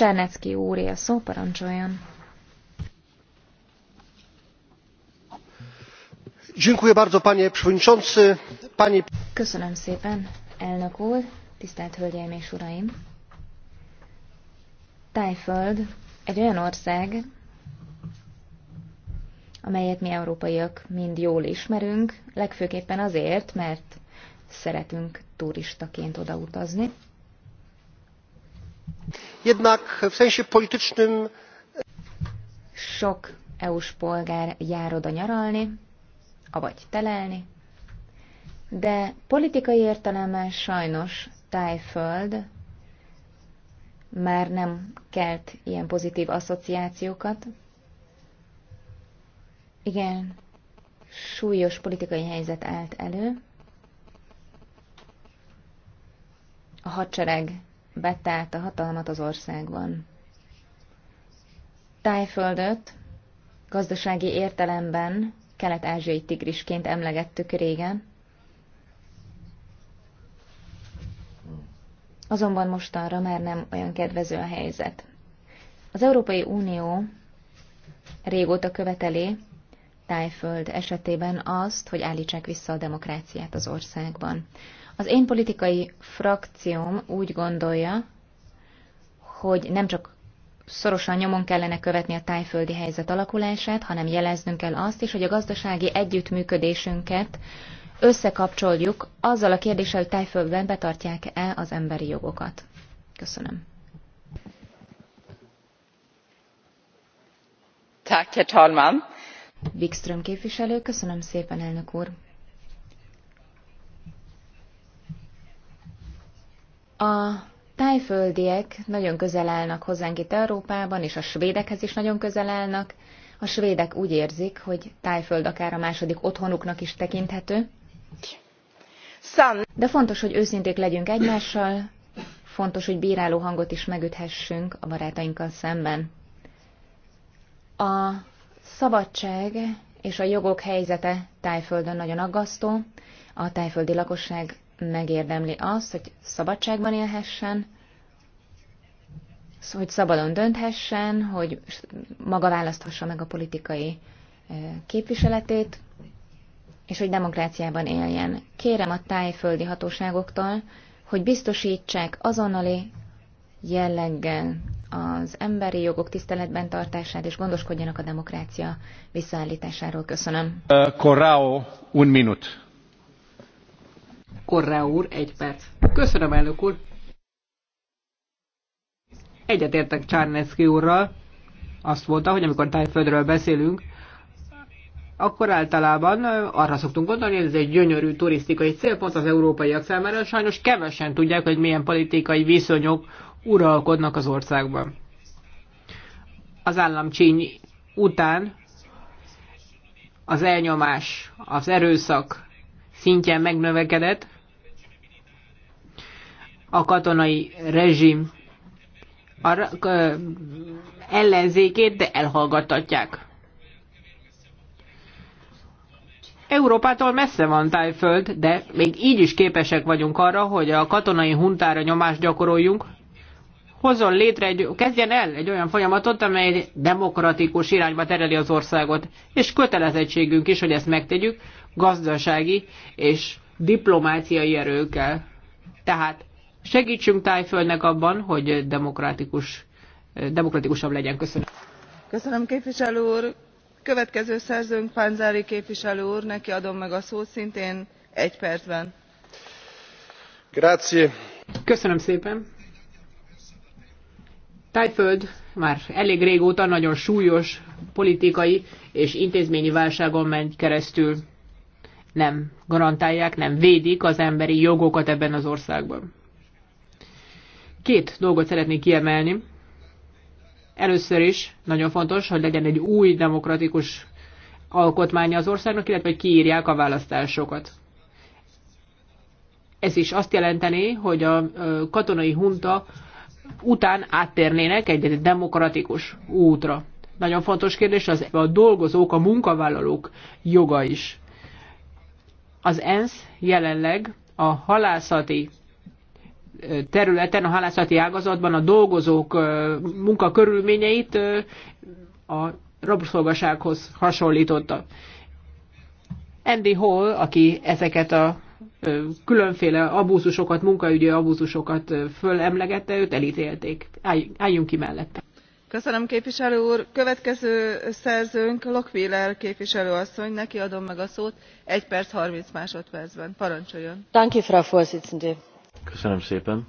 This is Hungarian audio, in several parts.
Csernecki úré a szó, parancsoljon. Köszönöm szépen, elnök úr, tisztelt hölgyeim és uraim! Tájföld egy olyan ország, amelyet mi európaiak mind jól ismerünk, legfőképpen azért, mert szeretünk turistaként odautazni jednak w sensie politycznym sok EU-s polgár jár oda nyaralni, avagy telelni, de politikai értelemben sajnos Tájföld már nem kelt ilyen pozitív asszociációkat. Igen, súlyos politikai helyzet állt elő. A hadsereg vette át a hatalmat az országban. Tájföldöt gazdasági értelemben kelet-ázsiai tigrisként emlegettük régen, azonban mostanra már nem olyan kedvező a helyzet. Az Európai Unió régóta követeli Tájföld esetében azt, hogy állítsák vissza a demokráciát az országban. Az én politikai frakcióm úgy gondolja, hogy nem csak szorosan nyomon kellene követni a tájföldi helyzet alakulását, hanem jeleznünk kell azt is, hogy a gazdasági együttműködésünket összekapcsoljuk azzal a kérdéssel, hogy tájföldben betartják-e az emberi jogokat. Köszönöm. Tak, Herr Talman. Wikström képviselő, köszönöm szépen, elnök úr. tájföldiek nagyon közel állnak hozzánk itt Európában, és a svédekhez is nagyon közel állnak. A svédek úgy érzik, hogy tájföld akár a második otthonuknak is tekinthető. De fontos, hogy őszinték legyünk egymással, fontos, hogy bíráló hangot is megüthessünk a barátainkkal szemben. A szabadság és a jogok helyzete tájföldön nagyon aggasztó. A tájföldi lakosság megérdemli azt, hogy szabadságban élhessen, hogy szabadon dönthessen, hogy maga választhassa meg a politikai képviseletét, és hogy demokráciában éljen. Kérem a tájföldi hatóságoktól, hogy biztosítsák azonnali jelleggel az emberi jogok tiszteletben tartását, és gondoskodjanak a demokrácia visszaállításáról. Köszönöm. Corrao, un minut. Corrao úr, egy perc. Köszönöm, elnök úr. Egyetértek Csárneszki úrral, azt mondta, hogy amikor tájföldről beszélünk, akkor általában arra szoktunk gondolni, hogy ez egy gyönyörű turisztikai célpont az európaiak számára, sajnos kevesen tudják, hogy milyen politikai viszonyok uralkodnak az országban. Az államcsíny után az elnyomás, az erőszak szintjén megnövekedett, a katonai rezsim a ellenzékét, de elhallgattatják. Európától messze van Tájföld, de még így is képesek vagyunk arra, hogy a katonai huntára nyomást gyakoroljunk. Hozzon létre egy, kezdjen el egy olyan folyamatot, amely demokratikus irányba tereli az országot, és kötelezettségünk is, hogy ezt megtegyük gazdasági és diplomáciai erőkkel. Tehát Segítsünk Tájföldnek abban, hogy demokratikus, demokratikusabb legyen. Köszönöm. Köszönöm képviselő úr. Következő szerzőnk Pánzári képviselő úr, neki adom meg a szót szintén egy percben. Grazie. Köszönöm szépen. Tájföld már elég régóta nagyon súlyos politikai és intézményi válságon megy keresztül. Nem garantálják, nem védik az emberi jogokat ebben az országban. Két dolgot szeretnék kiemelni. Először is nagyon fontos, hogy legyen egy új demokratikus alkotmánya az országnak, illetve hogy kiírják a választásokat. Ez is azt jelenteni, hogy a katonai hunta után áttérnének egy, egy demokratikus útra. Nagyon fontos kérdés az a dolgozók, a munkavállalók joga is. Az ENSZ jelenleg a halászati területen, a halászati ágazatban a dolgozók munkakörülményeit a rabszolgasághoz hasonlította. Andy Hall, aki ezeket a különféle abúzusokat, munkaügyi abúzusokat fölemlegette, őt elítélték. Álljunk ki mellette. Köszönöm képviselő úr. Következő szerzőnk Lokvíler képviselő asszony, neki adom meg a szót. 1 perc 30 másodpercben. Parancsoljon. Köszönöm, Frau Vorsitzende Köszönöm szépen.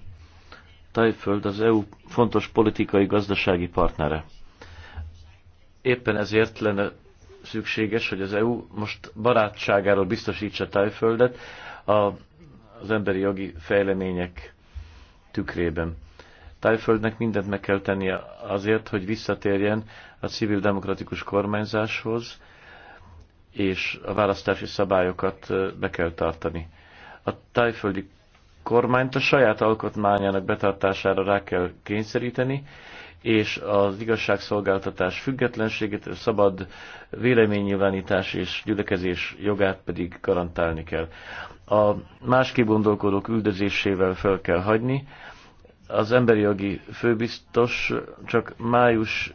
Tajföld az EU fontos politikai-gazdasági partnere. Éppen ezért lenne szükséges, hogy az EU most barátságáról biztosítsa Tajföldet a, az emberi jogi fejlemények tükrében. Tajföldnek mindent meg kell tennie azért, hogy visszatérjen a civil demokratikus kormányzáshoz, és a választási szabályokat be kell tartani. A tájföldi kormányt a saját alkotmányának betartására rá kell kényszeríteni, és az igazságszolgáltatás függetlenségét, a szabad véleménynyilvánítás és gyülekezés jogát pedig garantálni kell. A más kibondolkodók üldözésével fel kell hagyni. Az emberi jogi főbiztos csak május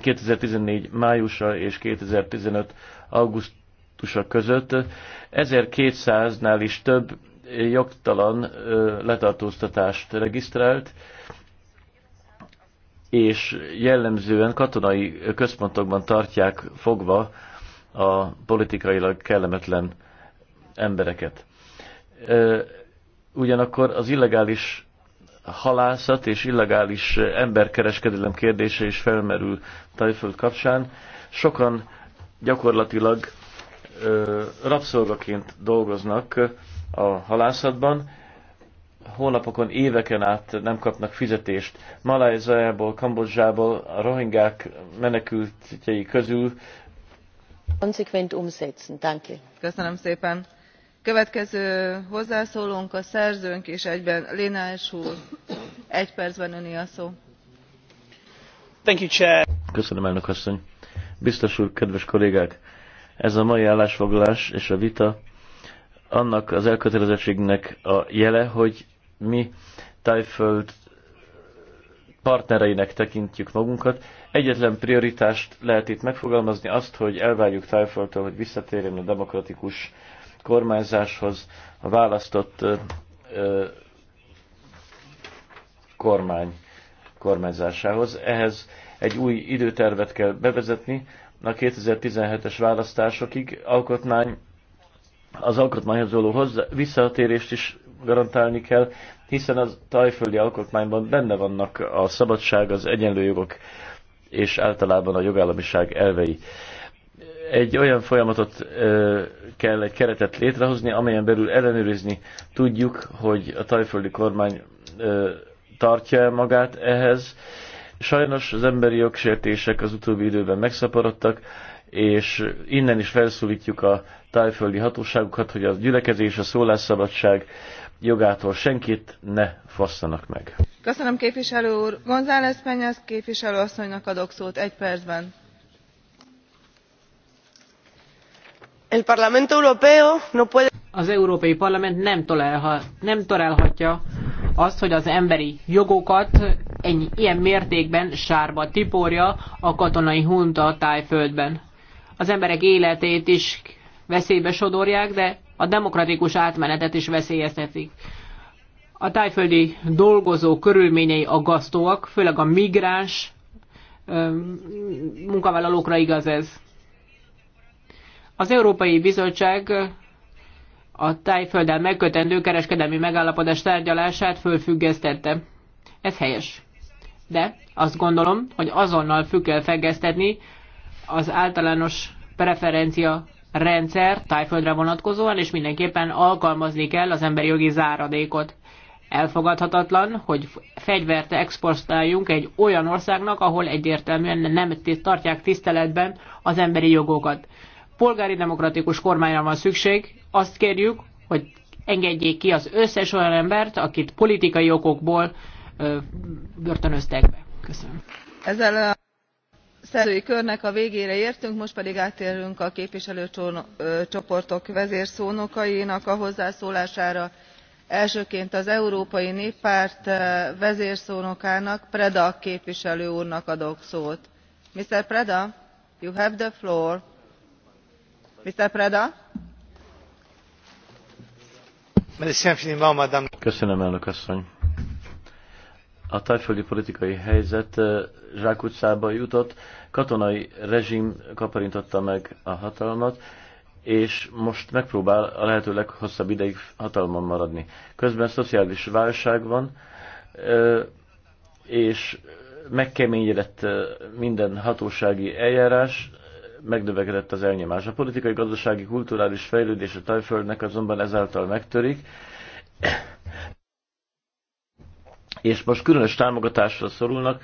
2014 májusa és 2015 augusztusa között 1200-nál is több jogtalan letartóztatást regisztrált, és jellemzően katonai központokban tartják fogva a politikailag kellemetlen embereket. Ugyanakkor az illegális halászat és illegális emberkereskedelem kérdése is felmerül Tajföld kapcsán. Sokan gyakorlatilag rabszolgaként dolgoznak a halászatban, hónapokon, éveken át nem kapnak fizetést. Malajzájából, Kambodzsából, a rohingák menekültjei közül. Konsekvent umsetzen. Danke. Köszönöm szépen. Következő hozzászólónk a szerzőnk és egyben Lénás úr. Egy percben öné a szó. Thank you, Chair. Köszönöm, elnök asszony. Biztos úr, kedves kollégák, ez a mai állásfoglalás és a vita annak az elkötelezettségnek a jele, hogy mi Tájföld partnereinek tekintjük magunkat. Egyetlen prioritást lehet itt megfogalmazni azt, hogy elvárjuk Tájföldtől, hogy visszatérjen a demokratikus kormányzáshoz a választott ö, kormány kormányzásához. Ehhez egy új időtervet kell bevezetni a 2017-es választásokig, alkotmány az alkotmányhoz való hozzá, visszatérést is garantálni kell, hiszen az tajföldi alkotmányban benne vannak a szabadság, az egyenlő jogok és általában a jogállamiság elvei. Egy olyan folyamatot ö, kell, egy keretet létrehozni, amelyen belül ellenőrizni tudjuk, hogy a tajföldi kormány ö, tartja magát ehhez. Sajnos az emberi jogsértések az utóbbi időben megszaporodtak, és innen is felszólítjuk a tájföldi hatóságokat, hogy a gyülekezés, a szólásszabadság jogától senkit ne fosszanak meg. Köszönöm képviselő úr. González Penyez képviselő asszonynak adok szót egy percben. El Parlamento Europeo no puede... Az Európai Parlament nem, tolerha, nem tolerhatja azt, hogy az emberi jogokat ennyi, ilyen mértékben sárba tiporja a katonai hunta tájföldben az emberek életét is veszélybe sodorják, de a demokratikus átmenetet is veszélyeztetik. A tájföldi dolgozó körülményei aggasztóak, főleg a migráns munkavállalókra igaz ez. Az Európai Bizottság a tájfölddel megkötendő kereskedelmi megállapodás tárgyalását fölfüggesztette. Ez helyes. De azt gondolom, hogy azonnal függ kell feggesztetni az általános preferencia rendszer tájföldre vonatkozóan, és mindenképpen alkalmazni kell az emberi jogi záradékot. Elfogadhatatlan, hogy fegyvert exportáljunk egy olyan országnak, ahol egyértelműen nem tartják tiszteletben az emberi jogokat. Polgári demokratikus kormányra van szükség, azt kérjük, hogy engedjék ki az összes olyan embert, akit politikai okokból ö, börtönöztek be. Köszönöm. Ez a Szerzői körnek a végére értünk most pedig áttérünk a képviselőcsoportok vezérszónokainak a hozzászólására. elsőként az európai néppárt vezérszónokának preda képviselő úrnak adok szót. mr preda you have the floor. mr preda? köszönöm elnök asszony! a tájföldi politikai helyzet zsákutcába jutott, katonai rezsim kaparintotta meg a hatalmat, és most megpróbál a lehető leghosszabb ideig hatalmon maradni. Közben szociális válság van, és megkeményedett minden hatósági eljárás, megnövekedett az elnyomás. A politikai, gazdasági, kulturális fejlődés a tájföldnek azonban ezáltal megtörik, és most különös támogatásra szorulnak,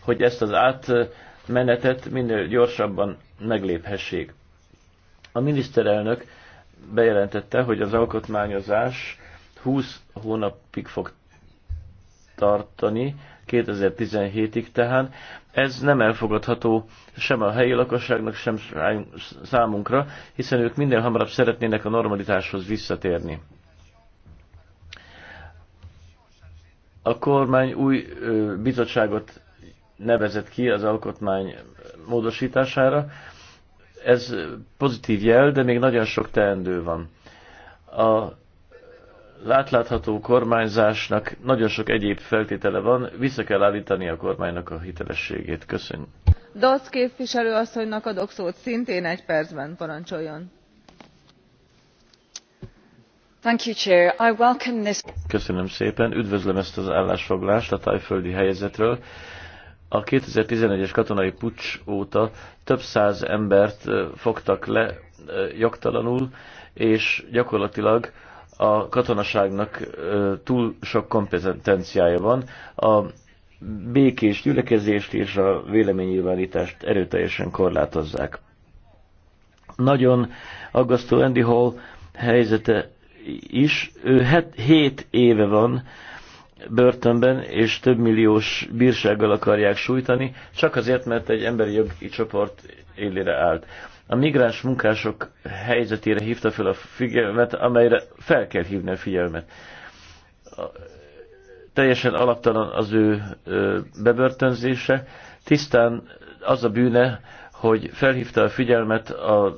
hogy ezt az átmenetet minél gyorsabban megléphessék. A miniszterelnök bejelentette, hogy az alkotmányozás 20 hónapig fog tartani, 2017-ig tehát. Ez nem elfogadható sem a helyi lakosságnak, sem számunkra, hiszen ők minden hamarabb szeretnének a normalitáshoz visszatérni. A kormány új bizottságot nevezett ki az alkotmány módosítására. Ez pozitív jel, de még nagyon sok teendő van. A látlátható kormányzásnak nagyon sok egyéb feltétele van, vissza kell állítani a kormánynak a hitelességét. Köszönjük. Dac képviselő asszonynak adok szót, szintén egy percben parancsoljon Köszönöm szépen, üdvözlöm ezt az állásfoglalást a tájföldi helyzetről. A 2011-es katonai pucs óta több száz embert fogtak le jogtalanul, és gyakorlatilag a katonaságnak túl sok kompetenciája van. A békés gyülekezést és a véleménynyilvánítást erőteljesen korlátozzák. Nagyon aggasztó Andy Hall helyzete is, ő 7 éve van börtönben, és több milliós bírsággal akarják sújtani, csak azért, mert egy emberi jogi csoport élére állt. A migráns munkások helyzetére hívta fel a figyelmet, amelyre fel kell hívni a figyelmet. A, teljesen alaptalan az ő ö, bebörtönzése, tisztán az a bűne, hogy felhívta a figyelmet a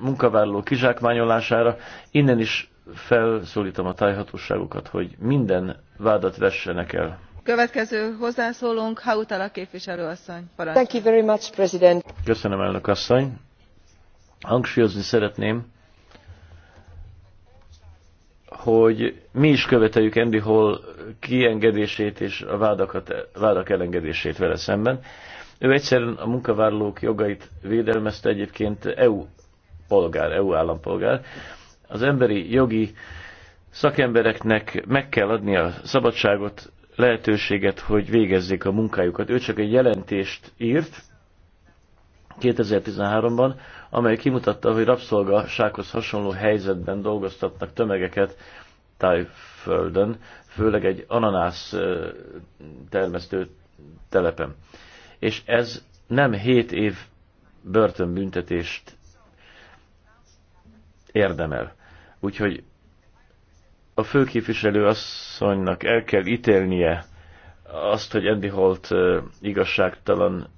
munkavállaló kizsákmányolására. Innen is felszólítom a tájhatóságokat, hogy minden vádat vessenek el. Következő hozzászólónk Hautala képviselőasszony. Thank you very much, President. Köszönöm, elnök asszony. Hangsúlyozni szeretném, hogy mi is követeljük Andy Hall kiengedését és a vádakat, vádak elengedését vele szemben. Ő egyszerűen a munkavállalók jogait védelmezte egyébként EU polgár, EU állampolgár. Az emberi jogi szakembereknek meg kell adni a szabadságot, lehetőséget, hogy végezzék a munkájukat. Ő csak egy jelentést írt 2013-ban, amely kimutatta, hogy rabszolgasághoz hasonló helyzetben dolgoztatnak tömegeket Tájföldön, főleg egy ananász termesztő telepen és ez nem 7 év börtönbüntetést érdemel. Úgyhogy a főképviselő asszonynak el kell ítélnie azt, hogy Andy Holt igazságtalan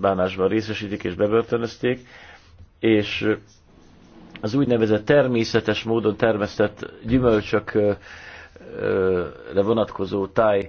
bánásban részesítik és bebörtönözték, és az úgynevezett természetes módon termesztett gyümölcsökre vonatkozó táj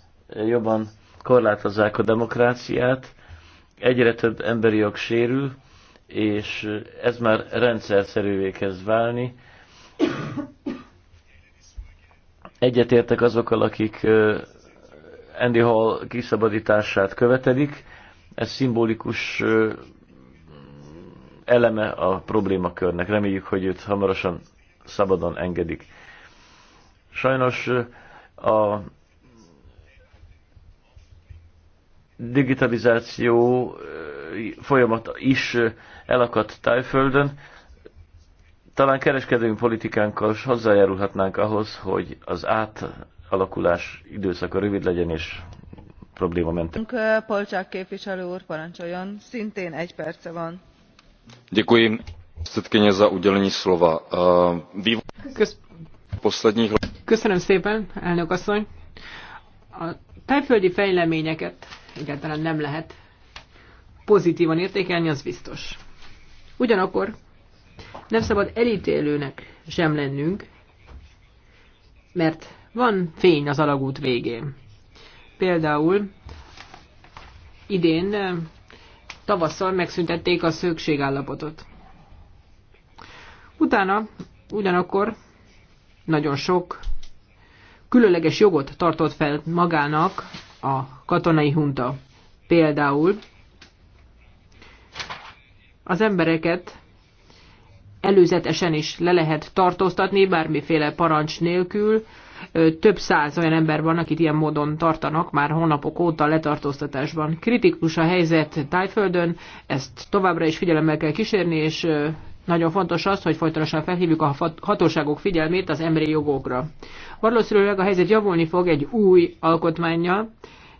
jobban korlátozzák a demokráciát, egyre több emberi jog sérül, és ez már rendszerszerűvé kezd válni. Egyetértek azokkal, akik Andy Hall kiszabadítását követelik. Ez szimbolikus eleme a problémakörnek. Reméljük, hogy őt hamarosan szabadon engedik. Sajnos a digitalizáció folyamat is elakadt tájföldön. Talán kereskedelmi politikánkkal hozzájárulhatnánk ahhoz, hogy az átalakulás időszaka rövid legyen és probléma mentén. Polcsák képviselő úr parancsoljon, szintén egy perce van. Děkuji předsedkyně za udělení slova. Vývoj posledních... Köszönöm szépen, elnök asszony. A tájföldi fejleményeket egyáltalán nem lehet pozitívan értékelni, az biztos. Ugyanakkor nem szabad elítélőnek sem lennünk, mert van fény az alagút végén. Például idén eh, tavasszal megszüntették a szökségállapotot. Utána ugyanakkor nagyon sok különleges jogot tartott fel magának a katonai hunta. Például az embereket előzetesen is le lehet tartóztatni, bármiféle parancs nélkül. Több száz olyan ember van, akit ilyen módon tartanak már hónapok óta letartóztatásban. Kritikus a helyzet Tájföldön, ezt továbbra is figyelemmel kell kísérni, és nagyon fontos az, hogy folytonosan felhívjuk a hatóságok figyelmét az emberi jogokra. Valószínűleg a helyzet javulni fog egy új alkotmányjal,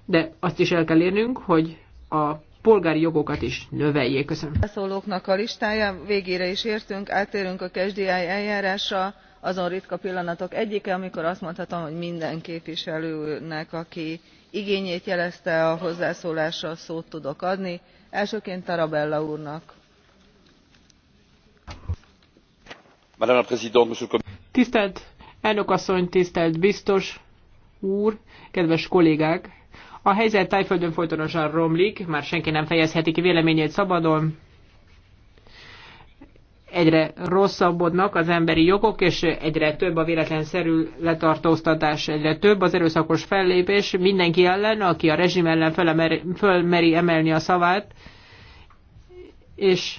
de azt is el kell érnünk, hogy a polgári jogokat is növeljék. Köszönöm. A szólóknak a listája végére is értünk, Átérünk a KSDI eljárásra. Azon ritka pillanatok egyike, amikor azt mondhatom, hogy minden képviselőnek, aki igényét jelezte a hozzászólásra, szót tudok adni. Elsőként Tarabella úrnak Tisztelt elnök asszony, tisztelt biztos úr, kedves kollégák! A helyzet tájföldön folytonosan romlik, már senki nem fejezheti ki véleményét szabadon. Egyre rosszabbodnak az emberi jogok, és egyre több a véletlenszerű letartóztatás, egyre több az erőszakos fellépés mindenki ellen, aki a rezsim ellen fölmeri, fölmeri emelni a szavát, és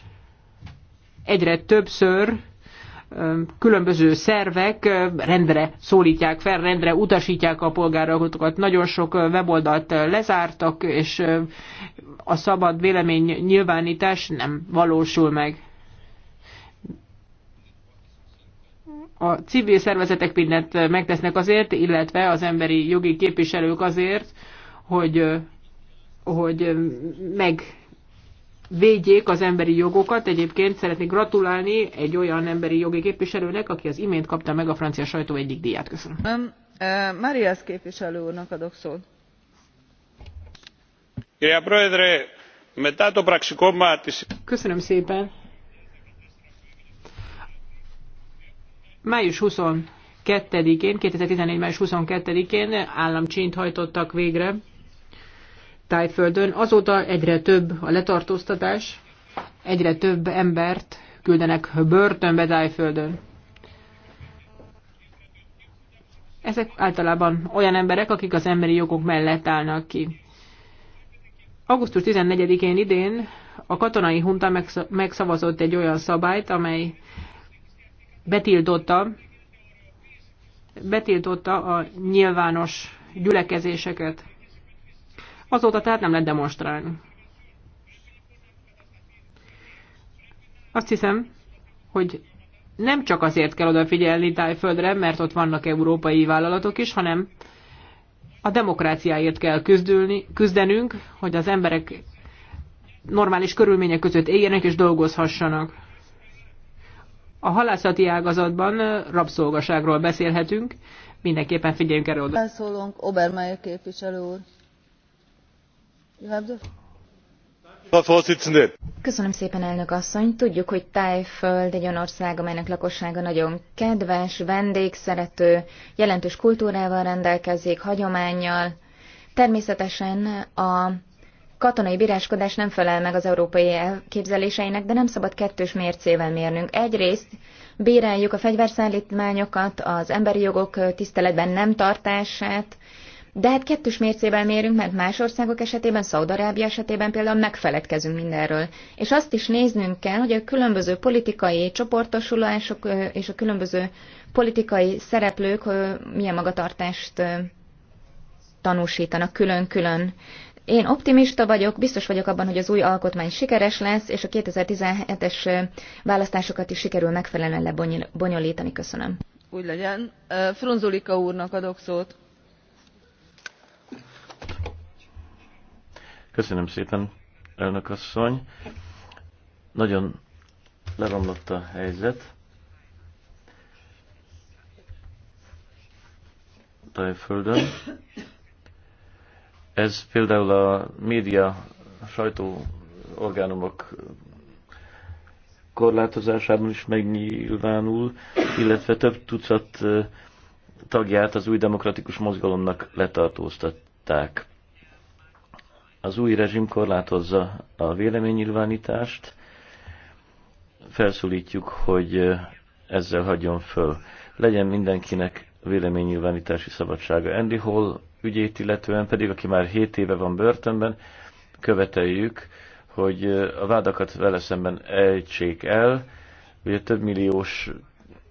egyre többször különböző szervek rendre szólítják fel, rendre utasítják a polgárokat. Nagyon sok weboldalt lezártak, és a szabad vélemény nyilvánítás nem valósul meg. A civil szervezetek mindent megtesznek azért, illetve az emberi jogi képviselők azért, hogy, hogy meg védjék az emberi jogokat. Egyébként szeretnék gratulálni egy olyan emberi jogi képviselőnek, aki az imént kapta meg a francia sajtó egyik díját. Köszönöm. Marias képviselő úrnak adok szót. Köszönöm szépen. Május 22-én, 2014. május 22-én államcsint hajtottak végre Tájföldön. Azóta egyre több a letartóztatás, egyre több embert küldenek börtönbe Tájföldön. Ezek általában olyan emberek, akik az emberi jogok mellett állnak ki. Augusztus 14-én idén a katonai hunta megszavazott egy olyan szabályt, amely betiltotta, betiltotta a nyilvános gyülekezéseket. Azóta tehát nem lehet demonstrálni. Azt hiszem, hogy nem csak azért kell odafigyelni Tájföldre, mert ott vannak európai vállalatok is, hanem a demokráciáért kell küzdülni, küzdenünk, hogy az emberek normális körülmények között éljenek és dolgozhassanak. A halászati ágazatban rabszolgaságról beszélhetünk, mindenképpen figyeljünk erre oda. Felszólunk Obermeyer képviselő úr. Köszönöm szépen, elnök asszony. Tudjuk, hogy Tájföld egy olyan ország, amelynek lakossága nagyon kedves, vendégszerető, jelentős kultúrával rendelkezik, hagyományjal. Természetesen a katonai bíráskodás nem felel meg az európai elképzeléseinek, de nem szabad kettős mércével mérnünk. Egyrészt bíráljuk a fegyverszállítmányokat, az emberi jogok tiszteletben nem tartását, de hát kettős mércével mérünk, mert más országok esetében, Szaudarábia esetében például megfeledkezünk mindenről. És azt is néznünk kell, hogy a különböző politikai csoportosulások és a különböző politikai szereplők milyen magatartást tanúsítanak külön-külön. Én optimista vagyok, biztos vagyok abban, hogy az új alkotmány sikeres lesz, és a 2017-es választásokat is sikerül megfelelően lebonyolítani. Köszönöm. Úgy legyen. Frunzulika úrnak adok szót Köszönöm szépen, elnök asszony. Nagyon leromlott a helyzet. Tájföldön. Ez például a média, a sajtó orgánumok korlátozásában is megnyilvánul, illetve több tucat tagját az új demokratikus mozgalomnak letartóztatták. Az új rezsim korlátozza a véleménynyilvánítást, felszólítjuk, hogy ezzel hagyjon föl. Legyen mindenkinek véleménynyilvánítási szabadsága. Andy Hall ügyét illetően pedig, aki már 7 éve van börtönben, követeljük, hogy a vádakat vele szemben ejtsék el, ugye több milliós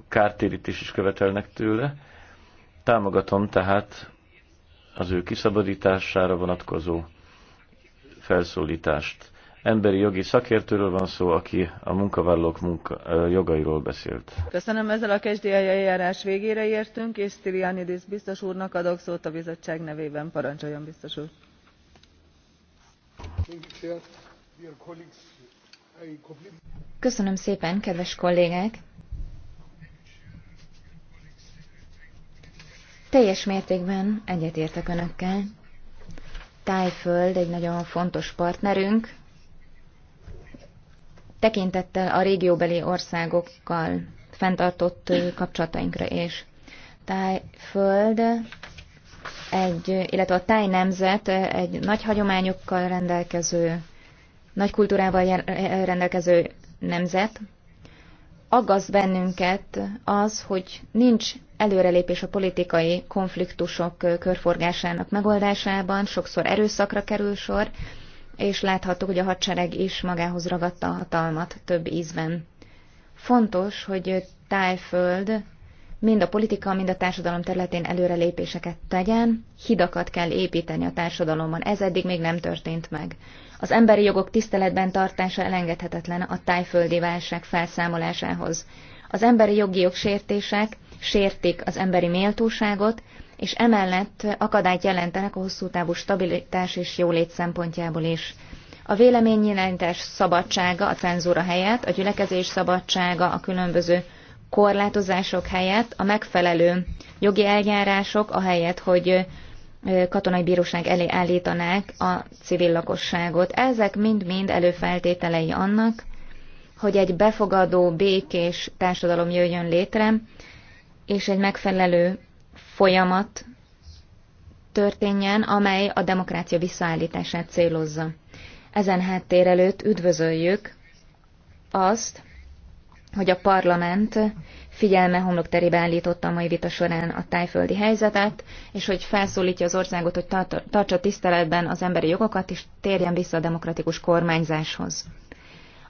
kártérítés is követelnek tőle. Támogatom tehát az ő kiszabadítására vonatkozó felszólítást. Emberi jogi szakértőről van szó, aki a munkavállalók munka, jogairól beszélt. Köszönöm, ezzel a kezdi eljárás végére értünk, és Stylianidis biztos úrnak adok szót a bizottság nevében. Parancsoljon, biztos úr! Köszönöm szépen, kedves kollégák! Teljes mértékben egyetértek önökkel. Tájföld egy nagyon fontos partnerünk, tekintettel a régióbeli országokkal fenntartott kapcsolatainkra és Tájföld egy, illetve a táj nemzet egy nagy hagyományokkal rendelkező, nagy kultúrával rendelkező nemzet. Aggaszt bennünket az, hogy nincs előrelépés a politikai konfliktusok körforgásának megoldásában, sokszor erőszakra kerül sor, és láthattuk, hogy a hadsereg is magához ragadta a hatalmat több ízben. Fontos, hogy Tájföld mind a politika, mind a társadalom területén előrelépéseket tegyen, hidakat kell építeni a társadalomban, ez eddig még nem történt meg. Az emberi jogok tiszteletben tartása elengedhetetlen a tájföldi válság felszámolásához. Az emberi jogi jogsértések sértik az emberi méltóságot, és emellett akadályt jelentenek a hosszú távú stabilitás és jólét szempontjából is. A véleménynyilvánítás szabadsága a cenzúra helyett, a gyülekezés szabadsága a különböző korlátozások helyett, a megfelelő jogi eljárások a helyett, hogy katonai bíróság elé állítanák a civil lakosságot. Ezek mind-mind előfeltételei annak, hogy egy befogadó, békés társadalom jöjjön létre, és egy megfelelő folyamat történjen, amely a demokrácia visszaállítását célozza. Ezen háttér előtt üdvözöljük azt, hogy a parlament figyelme homlokterébe állította a mai vita során a tájföldi helyzetet, és hogy felszólítja az országot, hogy tartsa tiszteletben az emberi jogokat, és térjen vissza a demokratikus kormányzáshoz.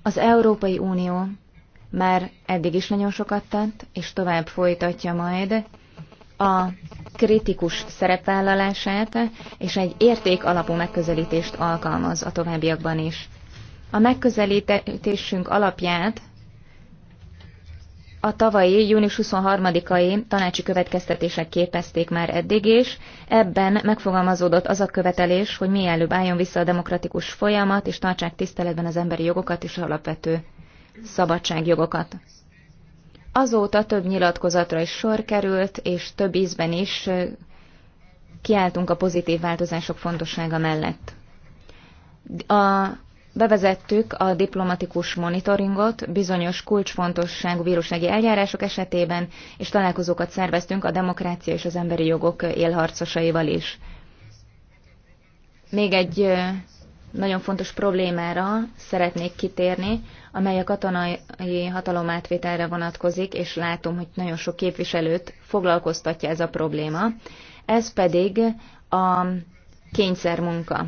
Az Európai Unió már eddig is nagyon sokat tett, és tovább folytatja majd a kritikus szerepvállalását, és egy érték alapú megközelítést alkalmaz a továbbiakban is. A megközelítésünk alapját a tavalyi június 23-ai tanácsi következtetések képezték már eddig is. Ebben megfogalmazódott az a követelés, hogy mielőbb álljon vissza a demokratikus folyamat, és tartsák tiszteletben az emberi jogokat és alapvető szabadságjogokat. Azóta több nyilatkozatra is sor került, és több ízben is kiálltunk a pozitív változások fontossága mellett. A, bevezettük a diplomatikus monitoringot bizonyos kulcsfontosságú vírussági eljárások esetében, és találkozókat szerveztünk a demokrácia és az emberi jogok élharcosaival is. Még egy nagyon fontos problémára szeretnék kitérni, amely a katonai hatalomátvételre vonatkozik, és látom, hogy nagyon sok képviselőt foglalkoztatja ez a probléma. Ez pedig a kényszermunka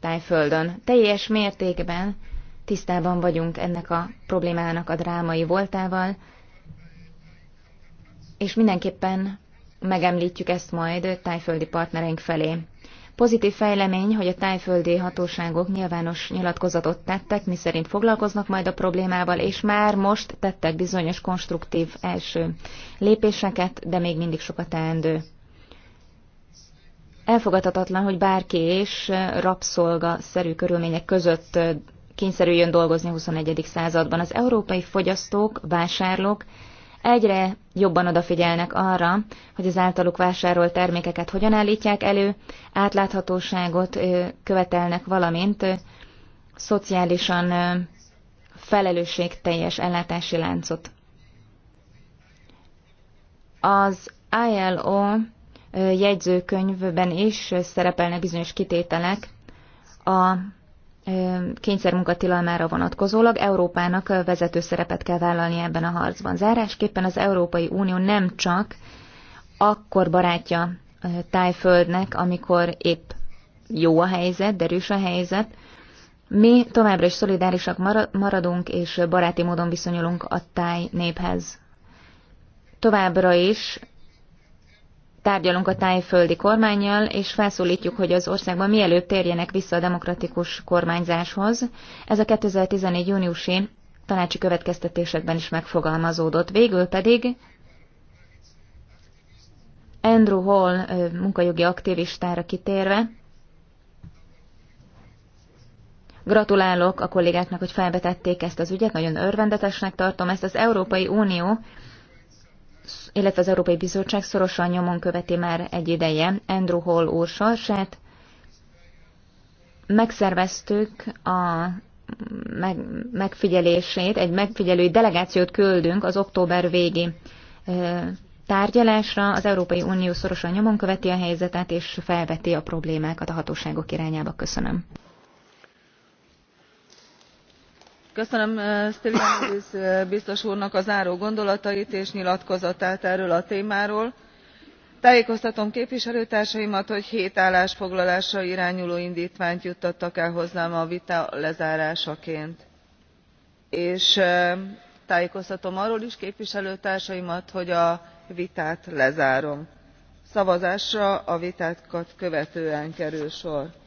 tájföldön. Teljes mértékben tisztában vagyunk ennek a problémának a drámai voltával, és mindenképpen megemlítjük ezt majd tájföldi partnereink felé. Pozitív fejlemény, hogy a tájföldi hatóságok nyilvános nyilatkozatot tettek, miszerint foglalkoznak majd a problémával, és már most tettek bizonyos konstruktív első lépéseket, de még mindig sokat teendő. Elfogadhatatlan, hogy bárki és rabszolga-szerű körülmények között kényszerüljön dolgozni a XXI. században. Az európai fogyasztók, vásárlók egyre jobban odafigyelnek arra, hogy az általuk vásárolt termékeket hogyan állítják elő, átláthatóságot követelnek, valamint szociálisan felelősségteljes ellátási láncot. Az ILO jegyzőkönyvben is szerepelnek bizonyos kitételek a kényszermunkatilalmára vonatkozólag Európának vezető szerepet kell vállalni ebben a harcban. Zárásképpen az Európai Unió nem csak akkor barátja Tájföldnek, amikor épp jó a helyzet, derűs a helyzet, mi továbbra is szolidárisak maradunk, és baráti módon viszonyulunk a táj néphez. Továbbra is tárgyalunk a tájföldi kormányjal, és felszólítjuk, hogy az országban mielőtt térjenek vissza a demokratikus kormányzáshoz. Ez a 2014. júniusi tanácsi következtetésekben is megfogalmazódott. Végül pedig Andrew Hall munkajogi aktivistára kitérve, Gratulálok a kollégáknak, hogy felbetették ezt az ügyet, nagyon örvendetesnek tartom ezt. Az Európai Unió illetve az Európai Bizottság szorosan nyomon követi már egy ideje Andrew Hall úr sorsát. Megszerveztük a meg, megfigyelését, egy megfigyelői delegációt küldünk az október végi tárgyalásra. Az Európai Unió szorosan nyomon követi a helyzetet, és felveti a problémákat a hatóságok irányába. Köszönöm köszönöm eh, stylianides eh, biztos úrnak a záró gondolatait és nyilatkozatát erről a témáról. tájékoztatom képviselőtársaimat hogy hét állásfoglalásra irányuló indtványt juttattak el hozzám a vita lezárásaként és eh, tájékoztatom arról is képviselőtársaimat hogy a vitát lezárom. szavazásra a vitákat követően kerül sor.